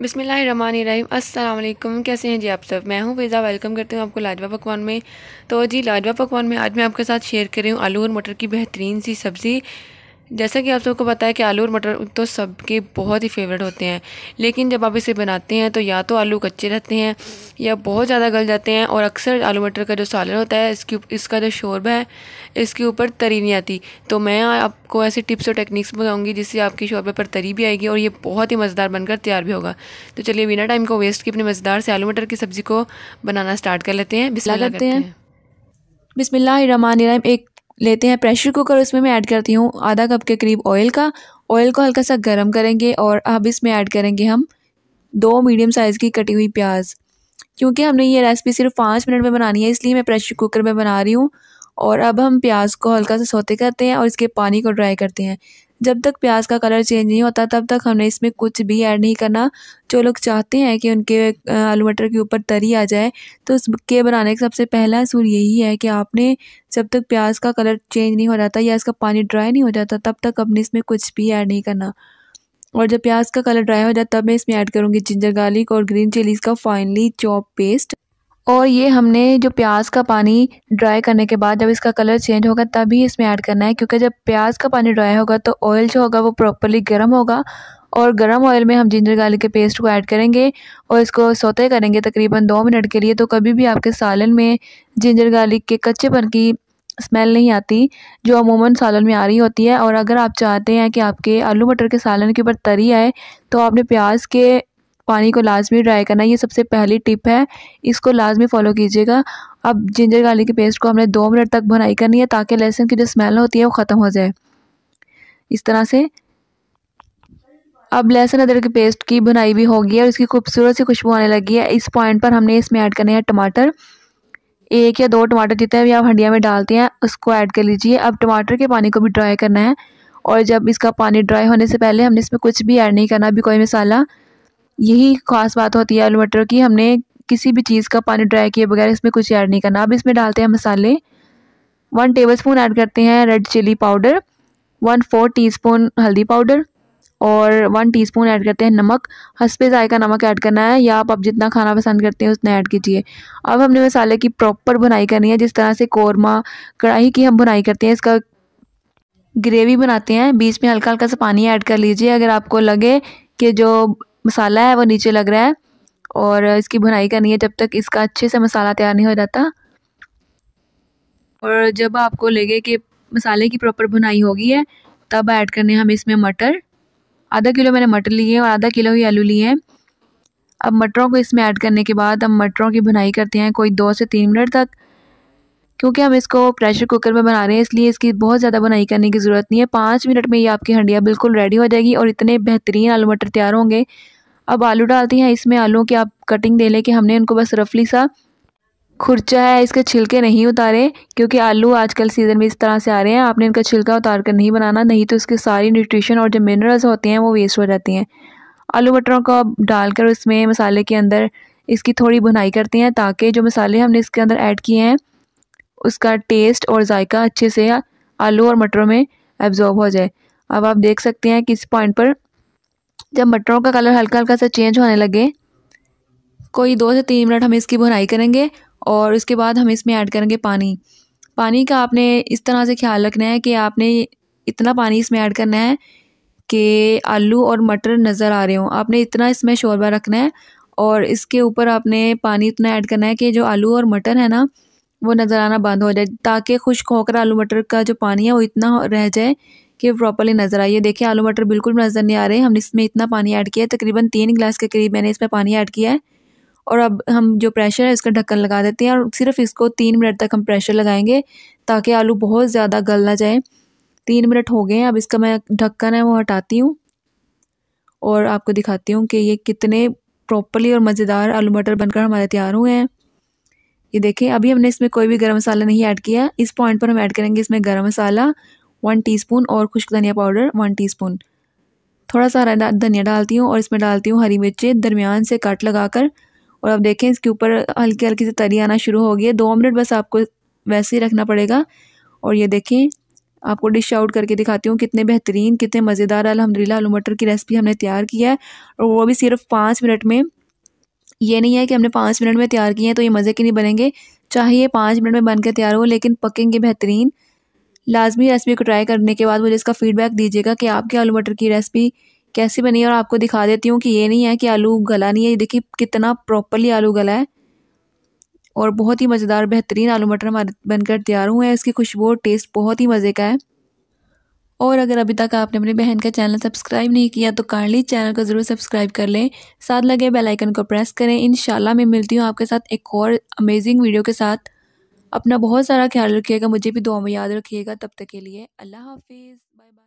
बिसमीम् अल्लाम कैसे हैं जी आप सब मैं हूँ फ़िज़ा वेलकम करती हूँ आपको लाजवा पकवान में तो जी लाजवा पकवान में आज मैं आपके साथ शेयर कर रही हूँ आलू और मटर की बेहतरीन सी सब्ज़ी जैसा कि आप सबको पता है कि आलू और मटर तो सबके बहुत ही फेवरेट होते हैं लेकिन जब आप इसे बनाते हैं तो या तो आलू कच्चे रहते हैं या बहुत ज़्यादा गल जाते हैं और अक्सर आलू मटर का जो सालन होता है इसकी इसका जो शोरबा है इसके ऊपर तरी नहीं आती तो मैं आपको ऐसी टिप्स और टेक्निक्स बताऊँगी जिससे आपकी शोरबे पर तरी भी आएगी और ये बहुत ही मज़ेदार बनकर तैयार भी होगा तो चलिए बिना टाइम को वेस्ट की अपने मज़ेदार से आलू मटर की सब्ज़ी को बनाना स्टार्ट कर लेते हैं बिस्ला करते हैं बिसमिल्ल एक लेते हैं प्रेशर कुकर उसमें मैं ऐड करती हूँ आधा कप के करीब ऑयल का ऑयल को हल्का सा गर्म करेंगे और अब इसमें ऐड करेंगे हम दो मीडियम साइज़ की कटी हुई प्याज क्योंकि हमने ये रेसिपी सिर्फ पाँच मिनट में बनानी है इसलिए मैं प्रेशर कुकर में बना रही हूँ और अब हम प्याज को हल्का सा सोते करते हैं और इसके पानी को ड्राई करते हैं जब तक प्याज का कलर चेंज नहीं होता तब तक हमने इसमें कुछ भी ऐड नहीं करना जो लोग चाहते हैं कि उनके आलू मटर के ऊपर तरी आ जाए तो उसके बनाने का सबसे पहला असूल यही है कि आपने जब तक प्याज का कलर चेंज नहीं हो जाता या इसका पानी ड्राई नहीं हो जाता तब तक अपने इसमें कुछ भी ऐड नहीं करना और जब प्याज का कलर ड्राई हो जाए तब मैं इसमें ऐड करूँगी जिंजर गार्लिक और ग्रीन चिलीज़ का फाइनली चॉप पेस्ट और ये हमने जो प्याज का पानी ड्राई करने के बाद जब इसका कलर चेंज होगा तभी इसमें ऐड करना है क्योंकि जब प्याज का पानी ड्राई होगा तो ऑयल जो होगा वो प्रॉपरली गर्म होगा और गर्म ऑयल में हम जिंजर गार्लिक के पेस्ट को ऐड करेंगे और इसको सोते करेंगे तकरीबन दो मिनट के लिए तो कभी भी आपके सालन में जिंजर गार्लिक के कच्चेपन की स्मेल नहीं आती जो अमूमन सालन में आ रही होती है और अगर आप चाहते हैं कि आपके आलू मटर के सालन के ऊपर तरी आए तो आपने प्याज के पानी को लाजमी ड्राई करना ये सबसे पहली टिप है इसको लाजमी फॉलो कीजिएगा अब जिंजर गार्लिक की पेस्ट को हमने दो मिनट तक भुनाई करनी है ताकि लहसुन की जो स्मेल होती है वो ख़त्म हो जाए इस तरह से अब लहसुन अदरक की पेस्ट की भुनाई भी होगी और इसकी खूबसूरत सी खुशबू आने लगी है इस पॉइंट पर हमने इसमें ऐड करने हैं टमाटर एक या दो टमाटर जितने भी आप हंडिया में डालते हैं उसको ऐड कर लीजिए अब टमाटर के पानी को भी ड्राई करना है और जब इसका पानी ड्राई होने से पहले हमने इसमें कुछ भी ऐड नहीं करना अभी कोई मसाला यही खास बात होती है आलू मटर की हमने किसी भी चीज़ का पानी ड्राई किए बगैर इसमें कुछ ऐड नहीं करना अब इसमें डालते हैं मसाले वन टेबल स्पून ऐड करते हैं red chilli powder one four teaspoon हल्दी पाउडर और वन टीस्पून ऐड करते हैं नमक हंसपे जायका नमक ऐड करना है या आप अब जितना खाना पसंद करते हैं उतना ऐड कीजिए अब हमने मसाले की प्रॉपर बुनाई करनी है जिस तरह से कौरमा कढ़ाई की हम बुनाई करते हैं इसका ग्रेवी बनाते हैं बीच में हल्का हल्का सा पानी ऐड कर लीजिए अगर आपको लगे कि जो मसाला है वो नीचे लग रहा है और इसकी भुनाई करनी है जब तक इसका अच्छे से मसाला तैयार नहीं हो जाता और जब आपको लगे कि मसाले की प्रॉपर भुनाई होगी है तब ऐड करने हम इसमें मटर आधा किलो मैंने मटर लिए हैं और आधा किलो ही आलू लिए हैं अब मटरों को इसमें ऐड करने के बाद हम मटरों की भुनाई करते हैं कोई दो से तीन मिनट तक क्योंकि हम इसको प्रेशर कुकर में बना रहे हैं इसलिए इसकी बहुत ज़्यादा बनाई करने की ज़रूरत नहीं है पाँच मिनट में ये आपकी हंडिया बिल्कुल रेडी हो जाएगी और इतने बेहतरीन आलू मटर तैयार होंगे अब आलू डालती हैं इसमें आलूओं की आप कटिंग दे लें कि हमने उनको बस रफली सा खुर्चा है इसके छिलके नहीं उतारे क्योंकि आलू आजकल सीज़न में इस तरह से आ रहे हैं आपने इनका छिलका उतार कर नहीं बनाना नहीं तो इसके सारी न्यूट्रिशन और जो मिनरल्स होते हैं वो वेस्ट हो जाती हैं आलू मटरों को डालकर उसमें मसाले के अंदर इसकी थोड़ी भुनाई करते हैं ताकि जो मसाले हमने इसके अंदर ऐड किए हैं उसका टेस्ट और जायका अच्छे से आलू और मटरों में एब्जॉर्ब हो जाए अब आप देख सकते हैं किस पॉइंट पर जब मटरों का कलर हल्का हल्का सा चेंज होने लगे कोई दो से तीन मिनट हम इसकी भुनाई करेंगे और उसके बाद हम इसमें ऐड करेंगे पानी पानी का आपने इस तरह से ख्याल रखना है कि आपने इतना पानी इसमें ऐड करना है कि आलू और मटर नज़र आ रहे हों आपने इतना इसमें शोरबा रखना है और इसके ऊपर आपने पानी इतना ऐड करना है कि जो आलू और मटर है ना वो नज़र आना बंद हो जाए ताकि खुश्क होकर आलू मटर का जो पानी है वो इतना रह जाए कि प्रॉपरली नज़र आइए देखिए आलू मटर बिल्कुल नज़र नहीं आ रहे हमने इसमें इतना पानी ऐड किया है तकरीबन तीन गिलास के करीब मैंने इसमें पानी ऐड किया है और अब हम जो प्रेशर है इसका ढक्कन लगा देते हैं और सिर्फ इसको तीन मिनट तक हम प्रेशर लगाएंगे ताकि आलू बहुत ज़्यादा गल ना जाए तीन मिनट हो गए हैं अब इसका मैं ढक्कन है वो हटाती हूँ और आपको दिखाती हूँ कि ये कितने प्रॉपरली और मज़ेदार आलू मटर बनकर हमारे तैयार हुए हैं ये देखें अभी हमने इसमें कोई भी गर्म मसाला नहीं ऐड किया इस पॉइंट पर हम ऐड करेंगे इसमें गर्म मसाला वन स्पून और खुश्क धनिया पाउडर वन स्पून थोड़ा सा धनिया डालती हूँ और इसमें डालती हूँ हरी मिर्चें दरमियान से कट लगा कर और अब देखें इसके ऊपर हल्की हल्की से तरी आना शुरू हो गई है दो मिनट बस आपको वैसे ही रखना पड़ेगा और ये देखें आपको डिश आउट करके दिखाती हूँ कितने बेहतरीन कितने मज़ेदार अलहमदिल्ला आलू मटर की रेसिपी हमने तैयार की है और वो भी सिर्फ पाँच मिनट में ये नहीं है कि हमने पाँच मिनट में तैयार किए हैं तो ये मज़े के नहीं बनेंगे चाहिए पाँच मिनट में बनकर तैयार हो लेकिन पकेंगे बेहतरीन लाजमी रेसिपी को ट्राई करने के बाद मुझे इसका फ़ीडबैक दीजिएगा कि आपके आलू मटर की रेसिपी कैसी बनी है और आपको दिखा देती हूँ कि ये नहीं है कि आलू गला नहीं है देखिए कितना प्रॉपरली आलू गला है और बहुत ही मज़ेदार बेहतरीन आलू मटर हमारे बनकर तैयार हुए हैं इसकी खुशबू और टेस्ट बहुत ही मज़े का है और अगर अभी तक आपने अपनी बहन का चैनल सब्सक्राइब नहीं किया तो काइंडली चैनल को ज़रूर सब्सक्राइब कर लें साथ लगे बेल आइकन को प्रेस करें इन मैं मिलती हूँ आपके साथ एक और अमेजिंग वीडियो के साथ अपना बहुत सारा ख्याल रखिएगा मुझे भी दुआ में याद रखिएगा तब तक के लिए अल्लाह हाफिज़ बाय बाय